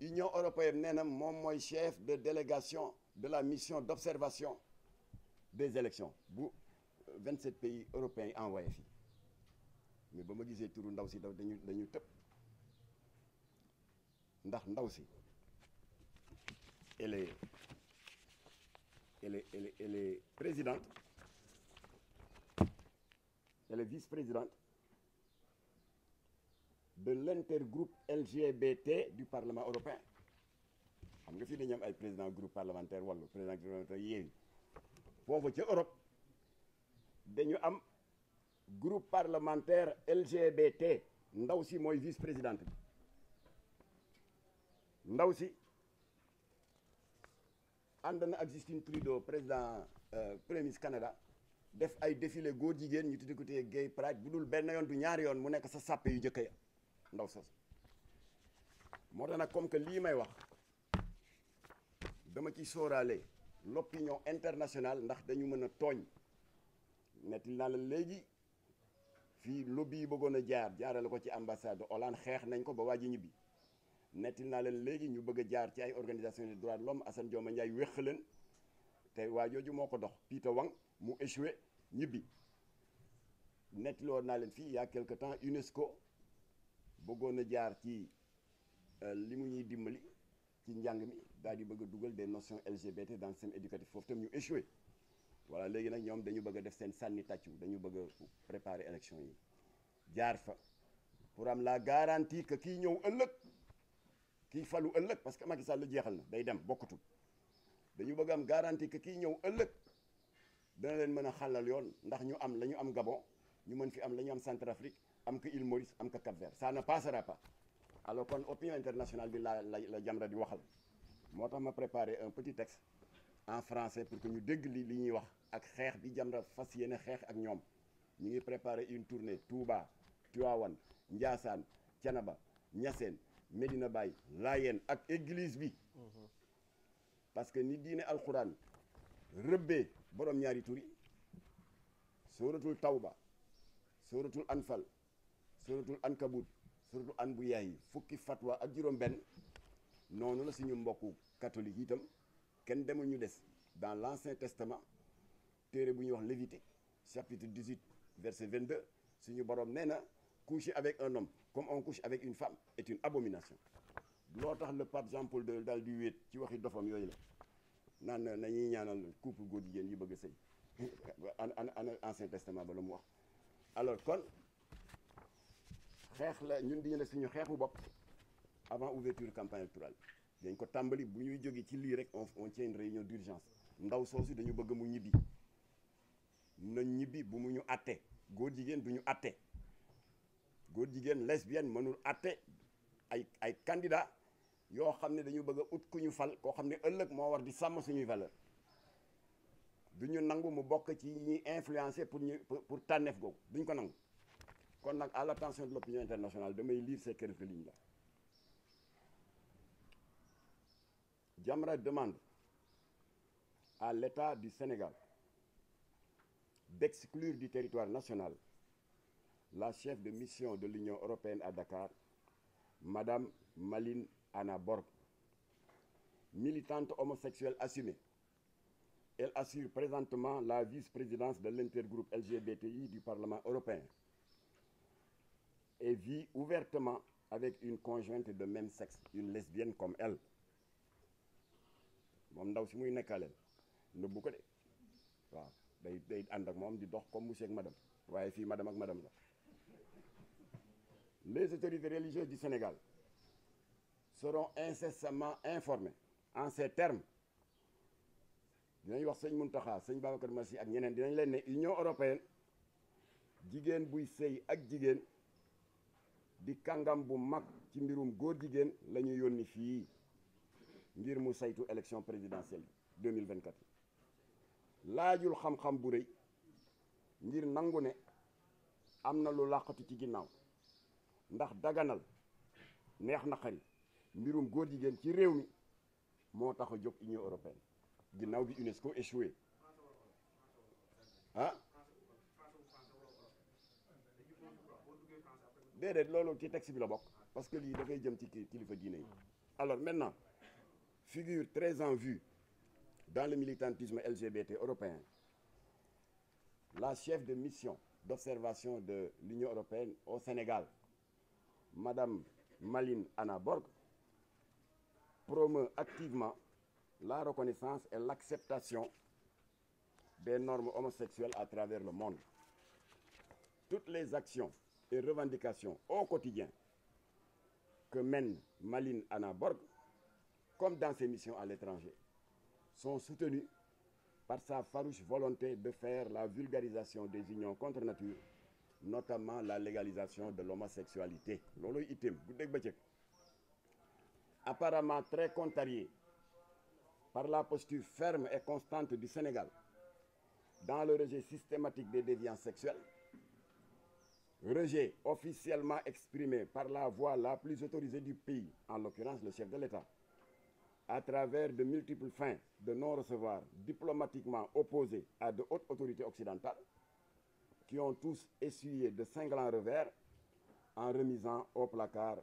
Union européenne nee na moom mooy chef de délégation de la mission d'observation des élections bu 27 pays européens yi envoyé fii mais ba ma gisee turu ndaw si daw dañu dañu tëb ndax ndaw si elle est elle est elle est elle est présidente elle est vice-présidente de l'intergroupe LGBT du Parlement européen xam nga fii dañu am ay président groupe parlementaire wàllu président groupe parlementaire yéen foofu ca Europe dañu am groupe parlementaire LGBT ndaw si mooy vice présidente bi ndaw si ànd na ak Justin Trudeau président euh, premier ministre Canada def ay défilé góor jigéen ñu tudde ko tey gay pride bu dul benn yoon du ñaari yoon mu nekk sa sàppe yu njëkk ya ndaw sas moo tax nag comme que lii may wax dama ci sóoraale l'opinion internationale ndax dañu mën a tooñ nettil naa la léegi fii lobby yi bëggoon a jaar jaarale ko ci ambassade de xeex nañ ko ba waa ji ñibbi nettil naa leen léegi ñu bëgg a jaar ci ay organisation des droits de l'homme Assane Dioma Ndiaye wéq leen te waa jooju moo ko dox Peter Wang mu échoué ñibbi nettiloo naa leen fii il y a quelque temps UNESCO bëggoon a jaar ci euh, li mu ñuy dimbali ci njàng mi daal di bëgg dugal des notions LGBT dans le système éducatif foofu tam ñu échoué voilà léegi nag ñoom dañu bëgg a def seen sànni tàccu dañu bëgg a préparer élection yi jaar fa pour am la garantie que kii ñëw ëllëg kii falu ëllëg parce que Macky Sall la jeexal na day dem bokkatul dañu bëgg am garantie que kii ñëw ëllëg dana leen mën a xàllal yoon ndax ñu am la ñu am Gabon ñu mën fi am lañu ñu am Centrafrique am ko Île Maurice am ko Cap-Vert ça ne passera pas alors kon opinion internationale bi la la la Jamra di waxal moo tax ma préparé un petit texte en français pour que ñu dégg li li ñuy wax ak xeex bi Jamra fas yéene xeex ak ñoom ñu ngi préparer une tournée Touba Tivaouane Ndiassane Thiénaba Niassène Medina Baye Layène ak église bi parce que ni diine alxuraan rëbbee borom ñaari turi sooratul tawba sooratul anfal suratul ankabut suratul an bu yaay fukki fatwa ak juróom-benn noonu la suñu mbokku catholique itam kenn demul ñu des dans l' ancien testament téere bu ñu wax Lévité chapitre 18 verset 22 suñu borom nee na coucher avec un homme comme on couche avec une femme est une abomination. loo tax la pape Jean Paul II daal di wéet ci waxi dofam yooyu la naan nañuy ñaanal couple góor jigéen yi bëgg a sëy an an ancien testament ba la mu wax alors kon. xeex la ñun di la suñu xeexu bopp avant ouverture campagne électorale dañ ko tàmbali bu ñuy jógee ci lii rek on on tient une ñoo d'urgence ndaw soosu dañu bëgg mu ñibbi na ñibbi bu mu ñu àtte góor jigéen du ñu àtte góor jigéen lesbienne mënul àtte ay ay candidat yoo xam ne dañu bëgg ut ku ñu fal koo xam ne ëllëg moo war di sàmm suñuy valeur du ñu nangu mu bokk ci ñuy influencer pour ñu pour tànneef googu duñ ko nangu kon nag à l'attention de l'opinion internationale damay lire ces quelques lignes là Jamra demande à l'État du Sénégal d'exclure du territoire national la chef de mission de l'Union européenne à Dakar, Madame Maline Anna Borg, militante homosexuelle assumée. Elle assure présentement la vice-présidence de l'intergroupe LGBTI du Parlement européen. et vie ouvertement avec une conjointe de même sexe une lesbienne comme elle moom ndaw si muy nekkaleel nëbbu ko de waaw day day ànd ak moom di dox comme monsieur ak madame waaye fii madame ak madame la les autorités religieuses du Sénégal seront incessamment informées en ces terme dinañ wax sëñ Mountakha sëñ Babacar Massi ak ñeneen dinañ leen ne Union européenne jigéen buy sëy ak jigéen di kàngam bu mag ci mbirum góor jigéen la ñu yónni fii ngir mu saytu élection présidentielle 2024 laajul xam-xam bu réy ngir nangu ne am na lu làqatu ci ginnaaw ndax daganal neex na xari mbirum góor jigéen ci réew mi moo tax a jóg Union européenne ginnaaw bi UNESCO échoué ah déedéet loolu ci texte bi la bokk parce que lii dafay jëm ci kilifa diine yi alors maintenant figure très en vue dans le militantisme LGBT européen la chef de mission d'observation de l'Union européenne au Sénégal Madame Maline Anna Borg promeut activement la reconnaissance et l'acceptation des normes homosexuelles à travers le monde. Toutes les actions et revendications au quotidien que mène Maline Anna Borg, comme dans ses missions à l'étranger, sont soutenues par sa farouche volonté de faire la vulgarisation des unions contre nature, notamment la légalisation de l'homosexualité. Lolo item, Apparemment très contrarié par la posture ferme et constante du Sénégal dans le rejet systématique des déviants sexuels, rejet officiellement exprimé par la voix la plus autorisée du pays, en l'occurrence le chef de l'État, à travers de multiples fins de non-recevoir diplomatiquement opposées à de hautes autorités occidentales, qui ont tous essuyé de cinglants revers en remisant au placard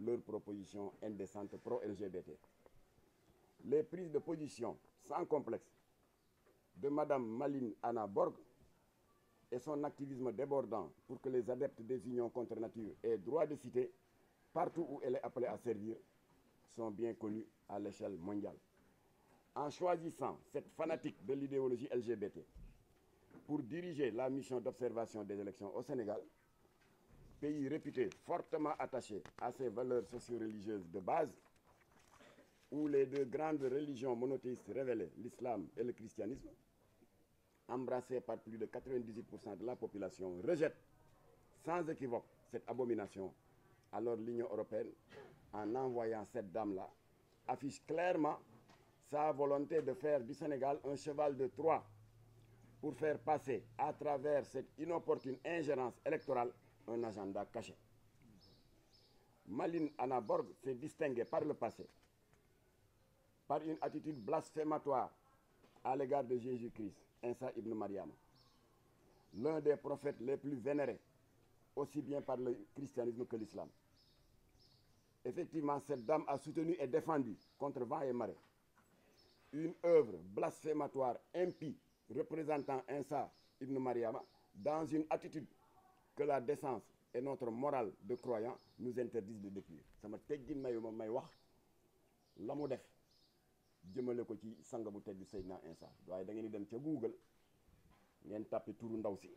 leur propositions indécentes pro-LGBT. Les prises de position sans complexe de Mme Maline Anna Borg et son activisme débordant pour que les adeptes des unions contre nature aient droit de cité partout où elle est appelée à servir sont bien connus à l'échelle mondiale. En choisissant cette fanatique de l'idéologie LGBT pour diriger la mission d'observation des élections au Sénégal, pays réputé fortement attaché à ses valeurs socio-religieuses de base, où les deux grandes religions monothéistes révélées, l'islam et le christianisme, embrassée par plus de 98% de la population, rejette sans équivoque cette abomination, alors l'Union européenne, en envoyant cette dame-là, affiche clairement sa volonté de faire du Sénégal un cheval de Troie pour faire passer à travers cette inopportune ingérence électorale un agenda caché. Maline Anna Borg s'est distinguée par le passé par une attitude blasphématoire à l'égard de Jésus-Christ Insa ibn Mariam, l'un des prophètes les plus vénérés, aussi bien par le christianisme que l'islam. Effectivement, cette dame a soutenu et défendu, contre vent et marée, une œuvre blasphématoire, impie, représentant Insa ibn Mariam, dans une attitude que la décence et notre morale de croyants nous interdisent de décrire sama teggin mayu ma may wax la mu def jëmale ko ci sang bu tedd bi Seydina instant waaye da ngeen dem ca Google ngeen tàppe turu ndaw si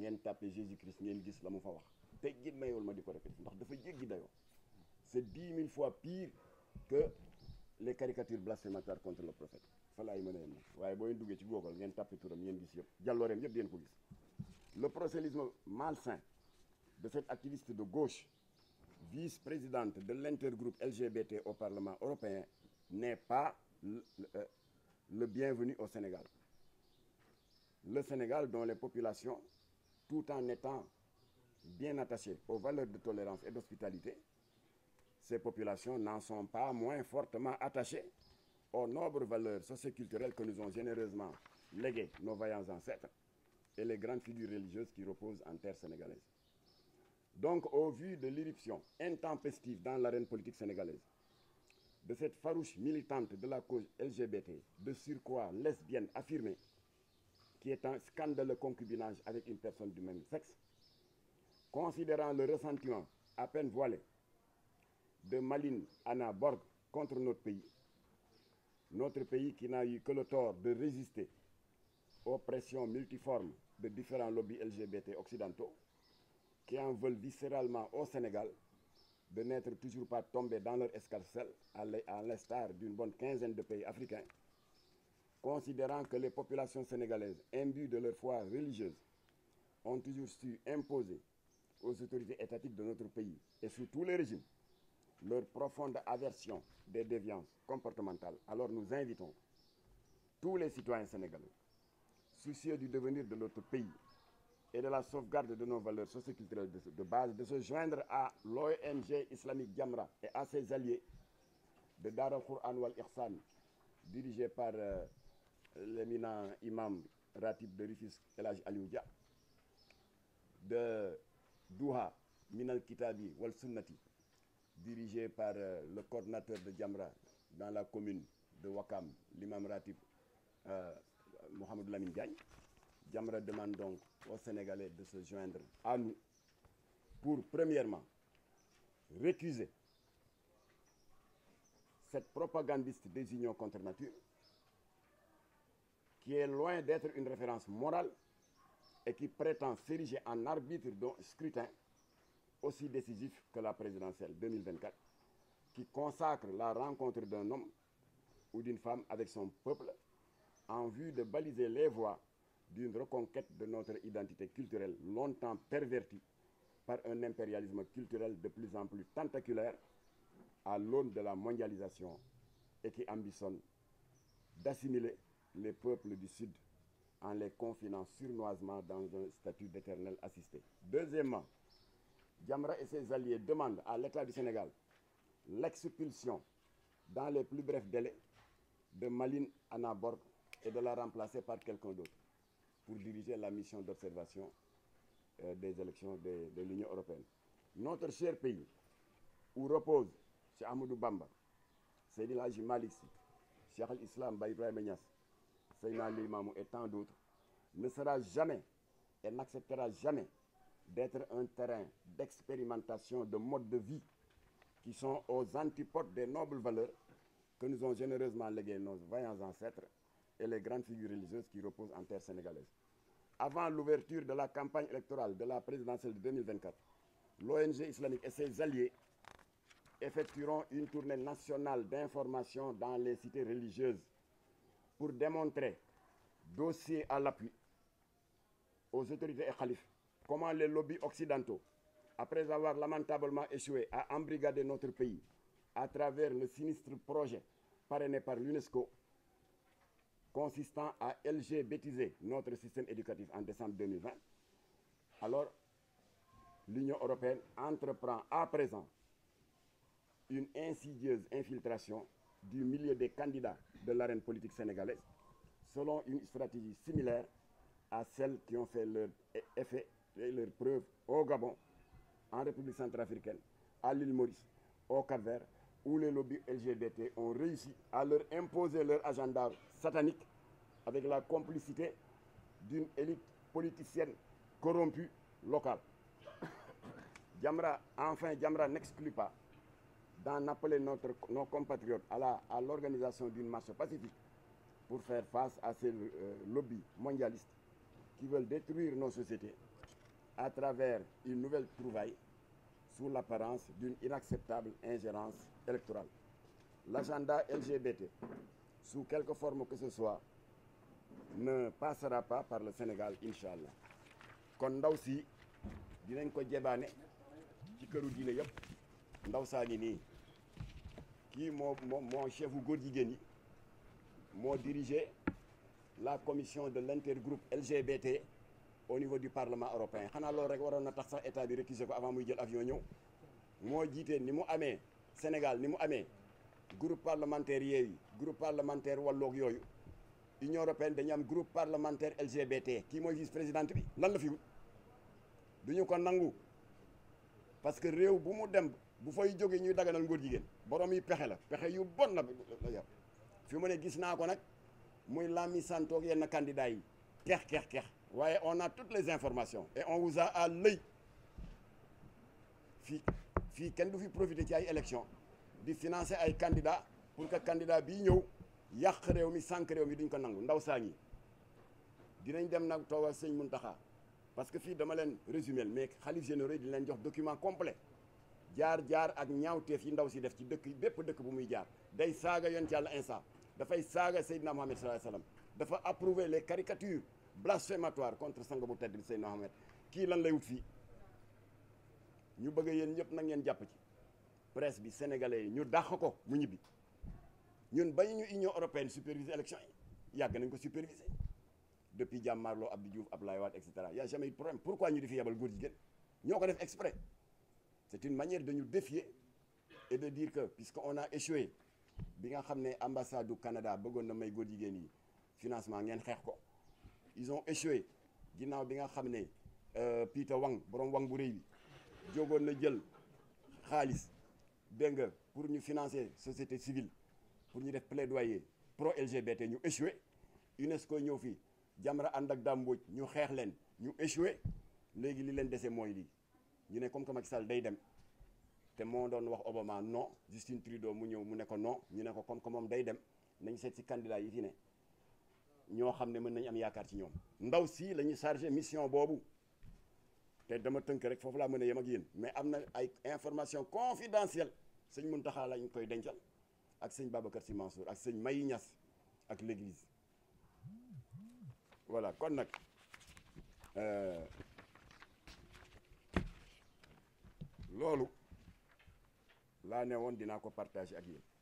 ngeen tàppe Jésus Christ ngeen gis la mu fa wax te it mayewul ma di ko répété ndax dafa jéggi dayoo c'est dix mille fois pire que les caricatures blasphématoires contre le prophète fa laay mën a yem nag waaye boo leen duggee ci Google ngeen tàppe turam ngeen gis yëpp jàllooreem yëpp deen ko gis le prosélytisme malsain de cette activiste de gauche vice-présidente de l'intergroupe LGBT au Parlement européen n'est pas le, le, euh, le bienvenu au Sénégal. Le Sénégal dont les populations, tout en étant bien attachées aux valeurs de tolérance et d'hospitalité, ces populations n'en sont pas moins fortement attachées aux nobles valeurs socioculturelles que nous ont généreusement léguées nos vaillants ancêtres et les grandes figures religieuses qui reposent en terre sénégalaise. Donc, au vu de l'irruption intempestive dans l'arène politique sénégalaise, de cette farouche militante de la cause LGBT, de surcroît lesbienne affirmée, qui est en scandaleux concubinage avec une personne du même sexe, considérant le ressentiment à peine voilé de Maline Anna Borg contre notre pays, notre pays qui n'a eu que le tort de résister aux pressions multiformes de différents lobbies LGBT occidentaux qui en veulent viscéralement au Sénégal de n'être toujours pas tombés dans leur escarcelle, à l'instar d'une bonne quinzaine de pays africains, considérant que les populations sénégalaises, imbues de leur foi religieuse, ont toujours su imposer aux autorités étatiques de notre pays et sous tous les régimes leur profonde aversion des déviances comportementales. Alors nous invitons tous les citoyens sénégalais, soucieux du devenir de notre pays, et de la sauvegarde de nos valeurs socioculturelles de base, de se joindre à l'ONG islamique Jamra et à ses alliés de Dar al-Qur'an wal dirigé par euh, l'éminent imam Ratib de Rifis Elaj Alioudia, de Douha Minal Kitabi wal dirigé par euh, le coordinateur de Jamra dans la commune de Wakam, l'imam Ratib euh, Mohamed Lamine Jamra demande donc aux Sénégalais de se joindre à nous pour, premièrement, récuser cette propagandiste des unions contre nature qui est loin d'être une référence morale et qui prétend s'ériger en arbitre d'un scrutin aussi décisif que la présidentielle 2024, qui consacre la rencontre d'un homme ou d'une femme avec son peuple en vue de baliser les voies d'une reconquête de notre identité culturelle longtemps pervertie par un impérialisme culturel de plus en plus tentaculaire à l'aune de la mondialisation et qui ambitionne d'assimiler les peuples du Sud en les confinant surnoisement dans un statut d'éternel assisté. Deuxièmement, Diamra et ses alliés demandent à l'État du Sénégal l'expulsion dans les plus brefs délais de Maline Anabord et de la remplacer par quelqu'un d'autre. pour diriger la mission d'observation euh, des élections de, de l'Union européenne. Notre cher pays, où repose Cheikh Ahmadou Bamba, Seydil Hadji Malick Sy, Cheikh al-Islam Baye Ibrahima Niass, Seydina Limamu Mamou et tant d'autres, ne sera jamais et n'acceptera jamais d'être un terrain d'expérimentation de modes de vie qui sont aux antipodes des nobles valeurs que nous ont généreusement léguées nos vaillants ancêtres et les grandes figures religieuses qui reposent en terre sénégalaise. Avant l'ouverture de la campagne électorale de la présidentielle de 2024, l'ONG islamique et ses alliés effectueront une tournée nationale d'information dans les cités religieuses pour démontrer, dossier à l'appui, aux autorités et khalifes comment les lobbies occidentaux, après avoir lamentablement échoué à embrigader notre pays à travers le sinistre projet parrainé par l'UNESCO, consistant à LGBTiser notre système éducatif en décembre 2020, alors l'Union européenne entreprend à présent une insidieuse infiltration du millier des candidats de l'arène politique sénégalaise selon une stratégie similaire à celles qui ont fait effet leur preuve au Gabon, en République centrafricaine, à l'île Maurice, au Cap-Vert où les lobbies LGBT ont réussi à leur imposer leur agenda satanique avec la complicité d'une élite politicienne corrompue locale. Jamra, enfin, Jamra n'exclut pas d'en appeler notre, nos compatriotes à l'organisation à d'une marche pacifique pour faire face à ces euh, lobbies mondialistes qui veulent détruire nos sociétés à travers une nouvelle trouvaille sous l'apparence d'une inacceptable ingérence la L'agenda LGBT, su quelque forme que ce soit, ne passera pas par le Sénégal incha allah kon ndaw si dinañ ko jebaane ci këru diine yëpp ndaw saa ngi nii kii moo moo moo chefu góor jigéen yi moo dirigé la commission de l'intergroupe LGBT au niveau du parlement européen xanaa loolu rek waroon na tax sax état bi récuser ko avant muy jël avion ñëw moo jiite ni mu amee. Sénégal ni mu amee groupe parlementaire Yewwi groupe parlementaire Wallu ak yooyu Union européenne dañu am groupe parlementaire LGBT ki mooy vice présidente bi lan la fi wut du ñu ko nangu parce que réew bu mu dem bu fay jógee ñuy daganal ngóor jigéen borom yi pexe la pexe yu bon la la yor fi mu ne gis naa ko nag muy lami santoog yenn candidats yi keex keex keex waaye on a toutes les informations et on vous a à l'œil fii kenn du fi profité ci ay élection di financé ay candidat pour que candidat bii ñëw yàq réew mi sànq réew mi duñ ko nangu ndaw saa ngi dinañ dem nag toogal sëñ Muntaxa parce que fii dama leen résumé mais xalif généraux di leen jox document complet jaar-jaar ak ñaawteef yi ndaw si def ci dëkk bépp dëkk bu muy jaar day saaga yoon ci yàlla instant dafay saaga Seydina Mohamed sallallahu alayhi wasallam dafa approuver les caricatures blasphématoires contre sang bu tedd bi Seydina kii lan lay wut ñu bëgg yéen ñëpp na ngeen jàpp ci presse bi sénégalais yi ñu dàq ko mu ñibbi ñun bañ ñu union européenne superviser élection yi yàgg nañ ko superviser depuis Diamarlo Abdou Diouf Abdoulaye Wade et cetera y a jamais eu problème pourquoi ñu di fi yebal góor jigéen ñoo ko def exprès c'est une manière de ñu défier et de dire que on a échoué bi nga xam ne ambassade du Canada bëggoon na may góor jigéen yi financement ngeen xeex ko ils ont ginnaaw bi nga xam ne euh, Peter Wang borom Wang rëy bi jógoon na jël xaalis dégg nga pour ñu financer société civile pour ñu def plaidoyer pro LGBT ñu échoué UNESCO ñëw fii Jamra ànd ak Dame ñu xeex leen ñu échoué léegi li leen dese mooy lii ñu ne comme que Macky Sall day dem te moo doon wax Obama non Justin Trudeau mu ñëw mu ne ko ñu ne ko comme que moom day dem nañ seet ci candidat yi fi ne ñoo xam ne mën nañ am yaakaar ci ñoom ndaw si la ñu mission boobu te dama tënk rek foofu laa mën a yem ak yéen mais am na ay information confidentielle sëñ Mountakha lañ koy dencal ak sëñ Babacar Sy Mansour ak sëñ Mayi Niass ak l'église voilà kon nag euh, loolu laa ne woon dinaa ko partage ak yéen